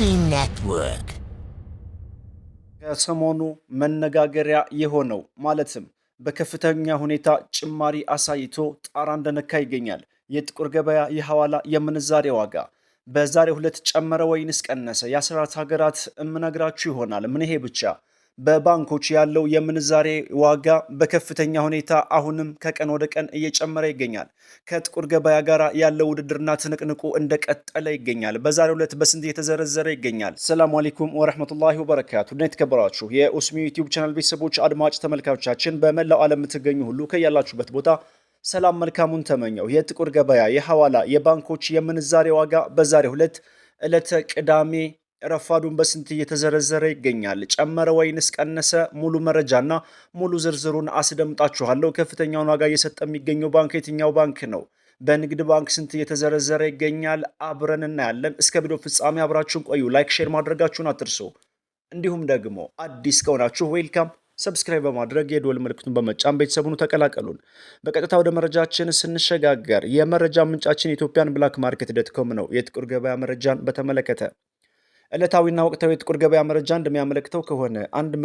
ኔትወርክ ከሰሞኑ መነጋገሪያ የሆነው ማለትም በከፍተኛ ሁኔታ ጭማሪ አሳይቶ ጣራ እንደነካ ይገኛል። የጥቁር ገበያ የሐዋላ የምንዛሬ ዋጋ በዛሬው ዕለት ጨመረ ወይንስ ቀነሰ? የአስራት ሀገራት የምነግራችሁ ይሆናል። ምን ይሄ ብቻ በባንኮች ያለው የምንዛሬ ዋጋ በከፍተኛ ሁኔታ አሁንም ከቀን ወደ ቀን እየጨመረ ይገኛል። ከጥቁር ገበያ ጋር ያለው ውድድርና ትንቅንቁ እንደቀጠለ ይገኛል። በዛሬው ዕለት በስንት የተዘረዘረ ይገኛል። ሰላም አለይኩም ወረህመቱላሂ ወበረካቱ። ድና የተከበራችሁ የኡስሚ ዩቲዩብ ቻናል ቤተሰቦች አድማጭ ተመልካቾቻችን በመላው ዓለም የምትገኙ ሁሉ ከያላችሁበት ቦታ ሰላም መልካሙን ተመኘው። የጥቁር ገበያ፣ የሐዋላ፣ የባንኮች የምንዛሬ ዋጋ በዛሬው ዕለት ዕለተ ቅዳሜ ረፋዱን በስንት እየተዘረዘረ ይገኛል? ጨመረ ወይንስ ቀነሰ? ሙሉ መረጃና ሙሉ ዝርዝሩን አስደምጣችኋለሁ። ከፍተኛውን ዋጋ እየሰጠ የሚገኘው ባንክ የትኛው ባንክ ነው? በንግድ ባንክ ስንት እየተዘረዘረ ይገኛል? አብረን እናያለን። እስከ ቪዲዮ ፍጻሜ አብራችሁን ቆዩ። ላይክ፣ ሼር ማድረጋችሁን አትርሱ። እንዲሁም ደግሞ አዲስ ከሆናችሁ ዌልካም ሰብስክራይብ በማድረግ የዶል ምልክቱን በመጫን ቤተሰቡን ተቀላቀሉን። በቀጥታ ወደ መረጃችን ስንሸጋገር የመረጃ ምንጫችን የኢትዮጵያን ብላክ ማርኬት ዶት ኮም ነው። የጥቁር ገበያ መረጃን በተመለከተ ዕለታዊና ወቅታዊ የጥቁር ገበያ መረጃ እንደሚያመለክተው ከሆነ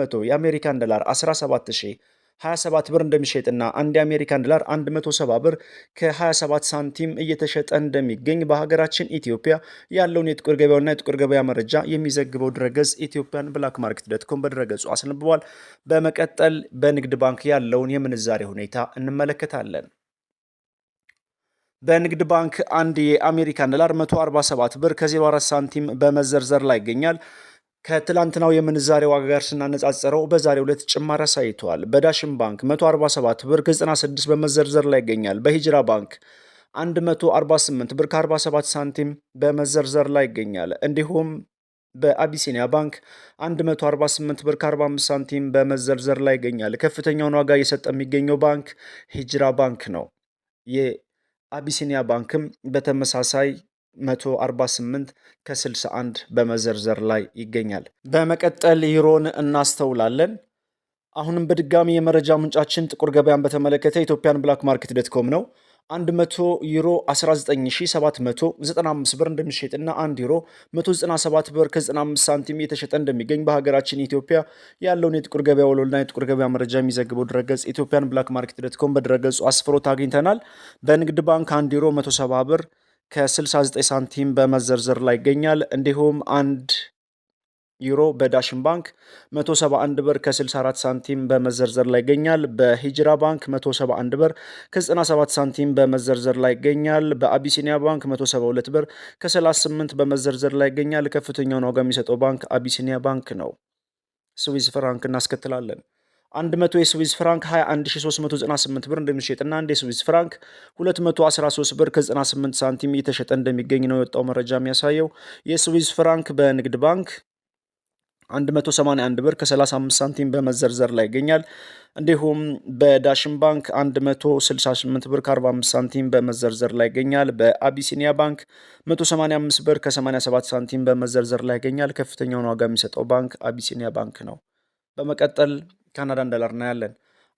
100 የአሜሪካን ዶላር 17027 ብር እንደሚሸጥና አንድ የአሜሪካን ዶላር 170 ብር ከ27 ሳንቲም እየተሸጠ እንደሚገኝ በሀገራችን ኢትዮጵያ ያለውን የጥቁር ገበያና የጥቁር ገበያ መረጃ የሚዘግበው ድረገጽ ኢትዮጵያን ብላክ ማርኬት ዶትኮም በድረገጹ አስነብቧል። በመቀጠል በንግድ ባንክ ያለውን የምንዛሬ ሁኔታ እንመለከታለን። በንግድ ባንክ አንድ የአሜሪካን ዶላር 147 ብር ከ04 ሳንቲም በመዘርዘር ላይ ይገኛል። ከትላንትናው የምንዛሬ ዋጋ ጋር ስናነጻጽረው በዛሬው ዕለት ጭማሪ አሳይተዋል። በዳሽን ባንክ 147 ብር ከ96 በመዘርዘር ላይ ይገኛል። በሂጅራ ባንክ 148 ብር ከ47 ሳንቲም በመዘርዘር ላይ ይገኛል። እንዲሁም በአቢሲኒያ ባንክ 148 ብር ከ45 ሳንቲም በመዘርዘር ላይ ይገኛል። ከፍተኛውን ዋጋ እየሰጠ የሚገኘው ባንክ ሂጅራ ባንክ ነው። አቢሲኒያ ባንክም በተመሳሳይ 148 ከ61 በመዘርዘር ላይ ይገኛል። በመቀጠል ዩሮን እናስተውላለን። አሁንም በድጋሚ የመረጃ ምንጫችን ጥቁር ገበያን በተመለከተ ኢትዮጵያን ብላክ ማርኬት ዶት ኮም ነው። 100 ዩሮ 19795 ብር እንደሚሸጥና 1 ዩሮ 197 ብር ከ95 ሳንቲም የተሸጠ እንደሚገኝ በሀገራችን ኢትዮጵያ ያለውን የጥቁር ገበያ ወለልና የጥቁር ገበያ መረጃ የሚዘግበው ድረገጽ ኢትዮጵያን ብላክ ማርኬት ዶት ኮም በድረገጹ አስፍሮት አግኝተናል። በንግድ ባንክ 1 ዩሮ 170 ብር ከ69 ሳንቲም በመዘርዘር ላይ ይገኛል። እንዲሁም አንድ ዩሮ በዳሽን ባንክ 171 ብር ከ64 ሳንቲም በመዘርዘር ላይ ይገኛል። በሂጅራ ባንክ 171 ብር ከ97 ሳንቲም በመዘርዘር ላይ ይገኛል። በአቢሲኒያ ባንክ 172 ብር ከ38 በመዘርዘር ላይ ይገኛል። ከፍተኛውን ዋጋ የሚሰጠው ባንክ አቢሲኒያ ባንክ ነው። ስዊዝ ፍራንክ እናስከትላለን። 100 የስዊዝ ፍራንክ 21398 ብር እንደሚሸጥና አንድ የስዊዝ ፍራንክ 213 ብር ከ98 ሳንቲም እየተሸጠ እንደሚገኝ ነው የወጣው መረጃ የሚያሳየው። የስዊዝ ፍራንክ በንግድ ባንክ 181 ብር ከ35 ሳንቲም በመዘርዘር ላይ ይገኛል። እንዲሁም በዳሽን ባንክ 168 ብር ከ45 ሳንቲም በመዘርዘር ላይ ይገኛል። በአቢሲኒያ ባንክ 185 ብር ከ87 ሳንቲም በመዘርዘር ላይ ይገኛል። ከፍተኛውን ዋጋ የሚሰጠው ባንክ አቢሲኒያ ባንክ ነው። በመቀጠል ካናዳን ዶላር እናያለን።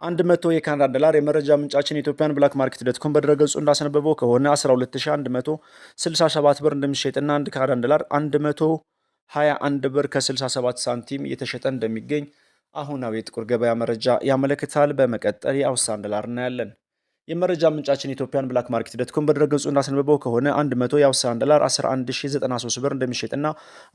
አንድ መቶ የካናዳ ዶላር የመረጃ ምንጫችን ኢትዮጵያን ብላክ ማርኬት ዶት ኮም በድረገጹ እንዳስነበበው ከሆነ 12167 ብር እንደሚሸጥና አንድ ካናዳን ዶላር 100 21 ብር ከ67 ሳንቲም እየተሸጠ እንደሚገኝ አሁናዊ የጥቁር ገበያ መረጃ ያመለክታል። በመቀጠል የአውሳን ዶላር እናያለን። የመረጃ ምንጫችን ኢትዮጵያን ብላክ ማርኬት ዶትኮም በድረገጹ እንዳስነበበው ከሆነ 100 የአውስትራሊያን ዶላር 11093 ብር እንደሚሸጥና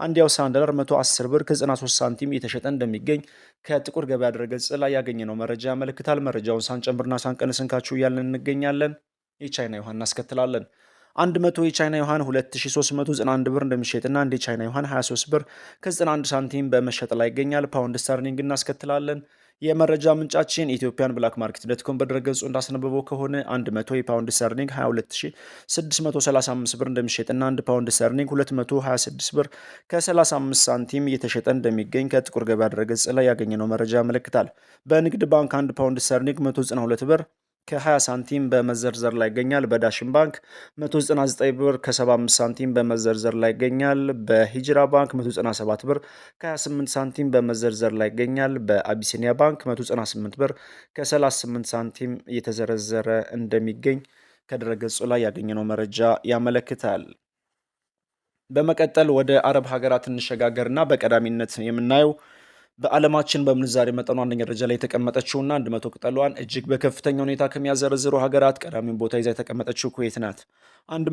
አንድ የአውስትራሊያን ዶላር 110 ብር ከ93 ሳንቲም እየተሸጠ እንደሚገኝ ከጥቁር ገበያ ድረገጽ ላይ ያገኘነው መረጃ ያመለክታል። መረጃውን ሳንጨምርና ሳንቀንስንካችሁ እያለን እንገኛለን። የቻይና ዮሐን እናስከትላለን። 100 የቻይና ዩሃን 2391 ብር እንደሚሸጥና አንድ የቻይና ዩሃን 23 ብር ከ91 ሳንቲም በመሸጥ ላይ ይገኛል። ፓውንድ ስተርሊንግ እናስከትላለን። የመረጃ ምንጫችን ኢትዮጵያን ብላክ ማርኬት ዶትኮም በድረገጹ እንዳስነበበው ከሆነ 100 የፓውንድ ስተርሊንግ 22635 ብር እንደሚሸጥና 1 ፓውንድ ስተርሊንግ 226 ብር ከ35 ሳንቲም እየተሸጠ እንደሚገኝ ከጥቁር ገበያ ድረገጽ ላይ ያገኘነው መረጃ ያመለክታል። በንግድ ባንክ 1 ፓውንድ ስተርሊንግ 192 ብር ከ20 ሳንቲም በመዘርዘር ላይ ይገኛል። በዳሽን ባንክ 199 ብር ከ75 ሳንቲም በመዘርዘር ላይ ይገኛል። በሂጅራ ባንክ 197 ብር ከ28 ሳንቲም በመዘርዘር ላይ ይገኛል። በአቢሲኒያ ባንክ 198 ብር ከ38 ሳንቲም እየተዘረዘረ እንደሚገኝ ከድረገጹ ላይ ያገኘነው መረጃ ያመለክታል። በመቀጠል ወደ አረብ ሀገራት እንሸጋገርና በቀዳሚነት የምናየው በዓለማችን በምንዛሬ መጠኑ አንደኛ ደረጃ ላይ የተቀመጠችውና አንድ መቶ ቅጠሏን እጅግ በከፍተኛ ሁኔታ ከሚያዘረዝሩ ሀገራት ቀዳሚውን ቦታ ይዛ የተቀመጠችው ኩዌት ናት።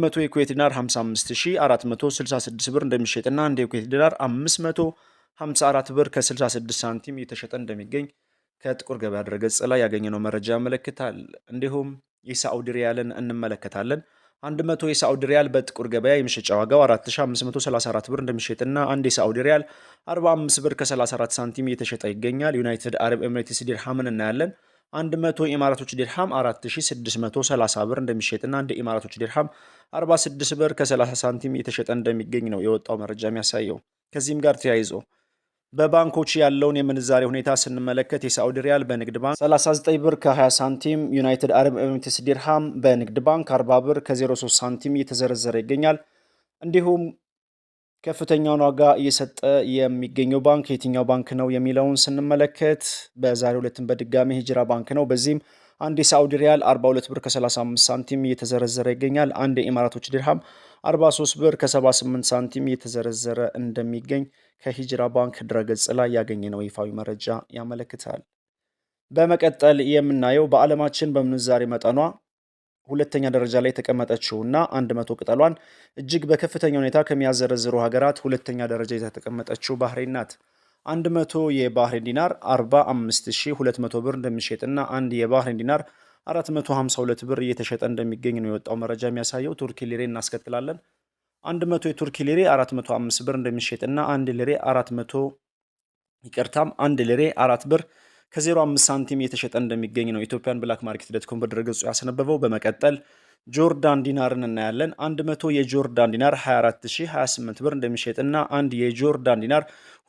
100 የኩዌት ዲናር 55466 ብር እንደሚሸጥና አንድ የኩዌት ዲናር 554 ብር ከ66 ሳንቲም እየተሸጠ እንደሚገኝ ከጥቁር ገበያ ድረገጽ ላይ ያገኘነው መረጃ ያመለክታል። እንዲሁም የሳዑዲ ሪያልን እንመለከታለን። 100 የሳዑዲ ሪያል በጥቁር ገበያ የመሸጫ ዋጋው 4534 ብር እንደሚሸጥና አንድ የሳዑዲ ሪያል 45 ብር ከ34 ሳንቲም እየተሸጠ ይገኛል። ዩናይትድ አረብ ኤምሬትስ ዲርሃምን እናያለን። 100 የኢማራቶች ዲርሃም 4630 ብር እንደሚሸጥና አንድ የኢማራቶች ዲርሃም 46 ብር ከ30 ሳንቲም እየተሸጠ እንደሚገኝ ነው የወጣው መረጃ የሚያሳየው። ከዚህም ጋር ተያይዞ በባንኮች ያለውን የምንዛሬ ሁኔታ ስንመለከት የሳዑዲ ሪያል በንግድ ባንክ 39 ብር ከ20 ሳንቲም፣ ዩናይትድ አረብ ኤምሬትስ ዲርሃም በንግድ ባንክ 40 ብር ከ03 ሳንቲም እየተዘረዘረ ይገኛል። እንዲሁም ከፍተኛውን ዋጋ እየሰጠ የሚገኘው ባንክ የትኛው ባንክ ነው የሚለውን ስንመለከት በዛሬው ዕለትም በድጋሚ ሂጅራ ባንክ ነው። በዚህም አንድ የሳዑዲ ሪያል 42 ብር ከ35 ሳንቲም እየተዘረዘረ ይገኛል። አንድ የኢማራቶች ዲርሃም 43 ብር ከ78 ሳንቲም እየተዘረዘረ እንደሚገኝ ከሂጅራ ባንክ ድረገጽ ላይ ያገኘነው ይፋዊ መረጃ ያመለክታል። በመቀጠል የምናየው በዓለማችን በምንዛሬ መጠኗ ሁለተኛ ደረጃ ላይ የተቀመጠችውና አንድ መቶ ቅጠሏን እጅግ በከፍተኛ ሁኔታ ከሚያዘረዝሩ ሀገራት ሁለተኛ ደረጃ የተቀመጠችው ባህሬን ናት። 100 የባህሬን ዲናር 45200 ብር እንደሚሸጥና አንድ የባህሬን ዲናር 452 ብር እየተሸጠ እንደሚገኝ ነው የወጣው መረጃ የሚያሳየው። ቱርኪ ሊሬ እናስከትላለን። 100 የቱርኪ ሊሬ 405 ብር እንደሚሸጥና አንድ ሊሬ 400 ይቅርታም 1 ሊሬ 4 ብር ከ05 ሳንቲም እየተሸጠ እንደሚገኝ ነው ኢትዮጵያን ብላክ ማርኬት ዶትኮም በድረገጹ ያስነበበው። በመቀጠል ጆርዳን ዲናርን እናያለን። 100 የጆርዳን ዲናር 24028 ብር እንደሚሸጥና አንድ የጆርዳን ዲናር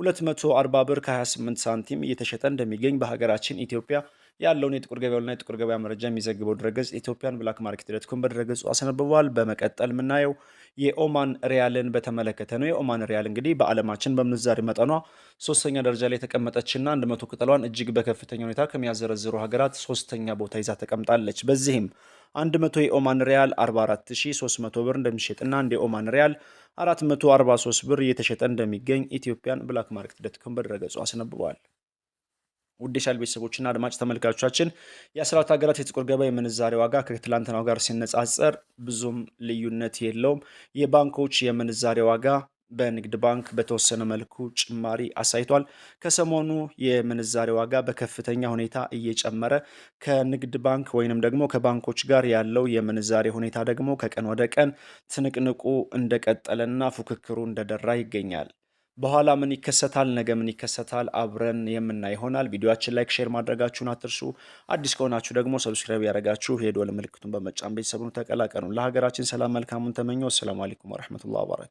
240 ብር ከ28 ሳንቲም እየተሸጠ እንደሚገኝ በሀገራችን ኢትዮጵያ ያለውን የጥቁር ገበያውና የጥቁር ገበያ መረጃ የሚዘግበው ድረገጽ ኢትዮጵያን ብላክ ማርኬት ዶት በድረገጹ አስነብበዋል። በመቀጠል የምናየው የኦማን ሪያልን በተመለከተ ነው። የኦማን ሪያል እንግዲህ በዓለማችን በምንዛሪ መጠኗ ሶስተኛ ደረጃ ላይ የተቀመጠችና አንድ መቶ ቅጠሏን እጅግ በከፍተኛ ሁኔታ ከሚያዘረዝሩ ሀገራት ሶስተኛ ቦታ ይዛ ተቀምጣለች። በዚህም 100 የኦማን ሪያል 44300 ብር እንደሚሸጥና አንድ የኦማን ሪያል 443 ብር እየተሸጠ እንደሚገኝ ኢትዮጵያን ብላክ ማርኬት ዶት በድረገጹ አስነብበዋል። ውድ የቻናል ቤተሰቦችና አድማጭ ተመልካቾቻችን የአስራት ሀገራት የጥቁር ገበያ የምንዛሬ ዋጋ ከትላንትናው ጋር ሲነጻጸር ብዙም ልዩነት የለውም። የባንኮች የምንዛሬ ዋጋ በንግድ ባንክ በተወሰነ መልኩ ጭማሪ አሳይቷል። ከሰሞኑ የምንዛሬ ዋጋ በከፍተኛ ሁኔታ እየጨመረ ከንግድ ባንክ ወይንም ደግሞ ከባንኮች ጋር ያለው የምንዛሬ ሁኔታ ደግሞ ከቀን ወደ ቀን ትንቅንቁ እንደቀጠለና ፉክክሩ እንደደራ ይገኛል። በኋላ ምን ይከሰታል፣ ነገ ምን ይከሰታል አብረን የምናይ ይሆናል። ቪዲዮችን ላይክ፣ ሼር ማድረጋችሁን አትርሱ። አዲስ ከሆናችሁ ደግሞ ሰብስክራይብ ያደረጋችሁ የደወል ምልክቱን በመጫን ቤተሰቡን ተቀላቀሉ። ለሀገራችን ሰላም መልካሙን ተመኘው። አሰላሙ አለይኩም ወረህመቱላህ ወበረካቱ